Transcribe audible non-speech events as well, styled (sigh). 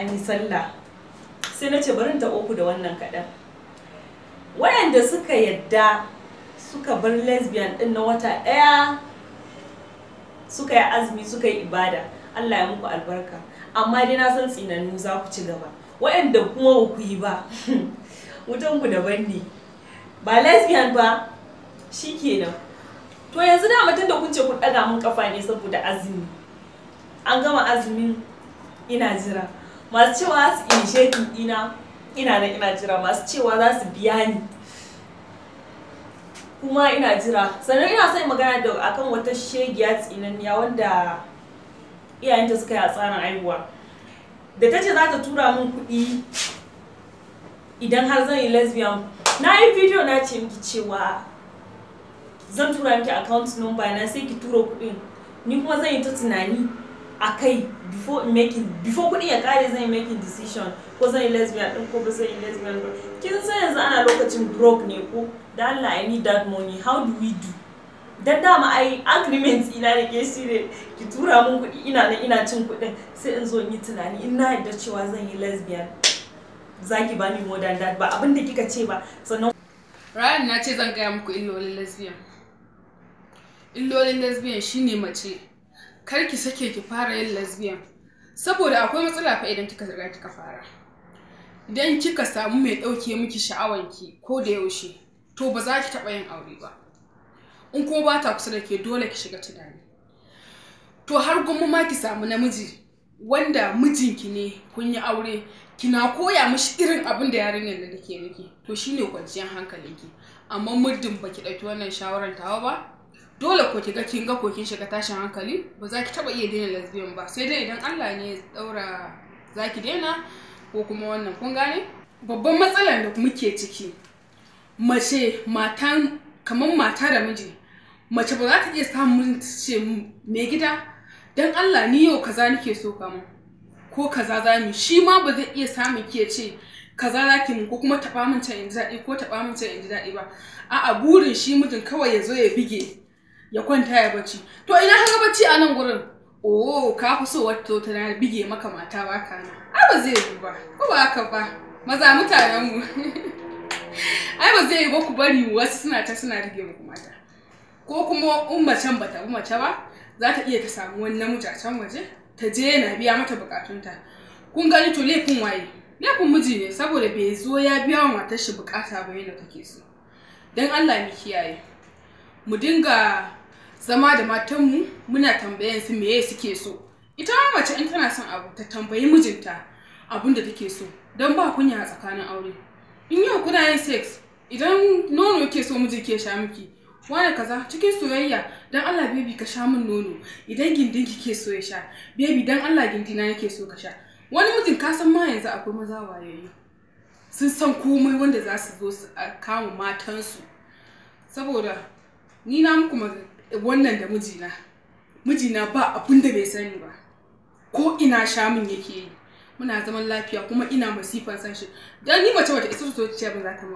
an yi sallah sai na ce barin ta uku da wannan kaɗan waɗanda suka yadda suka bar lesbian ɗin na wata ɗaya suka yi azumi suka yi ibada Allah ya muku albarka amma dai na san tsinannu za ku ci gaba waɗanda kuma ba ku yi ba mutum (laughs) ku daban ne ba lesbian ba shi kenan to yanzu da mutum da kun ce ku ɗaga mun kafa ne saboda azumi an gama azumin ina jira masu cewa su shekin ina ina nan ina jira masu cewa za su biya ni kuma ina jira sannan ina son magana da akan wata shegiya ya wanda iyayenta suka yi a tsarin aihuwa da ta ce za ta tura min kuɗi idan har zan yi lesbian na yi video na ce miki cewa zan tura miki account number na sai ki tura kuɗin ni kuma zan yi ta tunani a kai before making before kuɗi ya kare zan yi making decision ko zan yi lesbian din ko ba zan yi lesbian ba kin san yanzu ana lokacin broke ne ko da Allah I need that money how do we do dan dama ai agreement ina ne ke shi ki tura mun kuɗi ina nan ina cin kuɗi sai in zo in yi tunani in na yarda cewa zan yi lesbian zaki bani more than that ba abin kika ce ba sannan Ryan na ce zan gaya muku illolin lesbian illolin lesbian shine mace kar ki sake ki fara yin lesbian saboda akwai matsala fa idan kika riga kika fara idan kika samu mai ɗauke miki sha'awar ki ko da yaushe to ba za ki taɓa yin aure ba in ko ba ta kusa da ke dole ki shiga tunani to har gumma ma ki samu namiji wanda mijinki ne kun yi aure kina koya mishi irin abin da yarinyar da take miki to shine kwanciyar hankalinki amma muddin baki ɗauki wannan shawarar tawa ba dole ko ki ga kin ga ko kin shiga tashin hankali ba za ki taba iya daina lesbian ba sai dai idan Allah ne ya daura za ki daina ko kuma wannan kun gane babban matsalar da muke ciki mace mata kamar mata da miji mace ba za ta iya samun ce mai gida dan Allah ni yau kaza nake so kama ko kaza za mu shi ma ba zai iya samun ki ce kaza za ki ko kuma taɓa min can in ji daɗi ko taba min can in ji daɗi ba a'a burin shi mijin kawai ya zo ya bige ya kwanta ya bacci to ina ka ga bacci a nan gurin oh ka fi so wata ta na bige maka mata ba ka na ai ba zai yi ba ko ba haka ba maza mutanen mu (laughs) ai ba zai yi ba ku bari wasu suna ta suna rige muku mata ko kuma in macen ba ta bi mace ba za ta iya ta samu wani namiji a can waje ta je na biya mata bukatun ta. kun gani to laifin waye laifin miji ne saboda bai zo ya biya wa matar shi bukata ba yadda kake so dan Allah ni kiyaye mu dinga zama da matanmu muna tambayan su meye suke so ita ma mace in tana son abu ta tambayi mijinta abun da take so don ba kunya a tsakanin aure in yau kuna yin sex idan nono ke so miji ke sha miki wani kaza cikin soyayya dan Allah baby ka sha min nono idan gindin ki ke so ya sha baby dan Allah gindina yake so ka sha wani mijin ka san ma yanzu akwai maza wayoyi sun san komai wanda za su zo su kama matansu saboda ni na muku wannan da mijina mijina ba abin da bai sani ba ko ina sha shamin yake yi muna zaman lafiya kuma ina masifan san shi don ni mace wata isa su ce ba za ta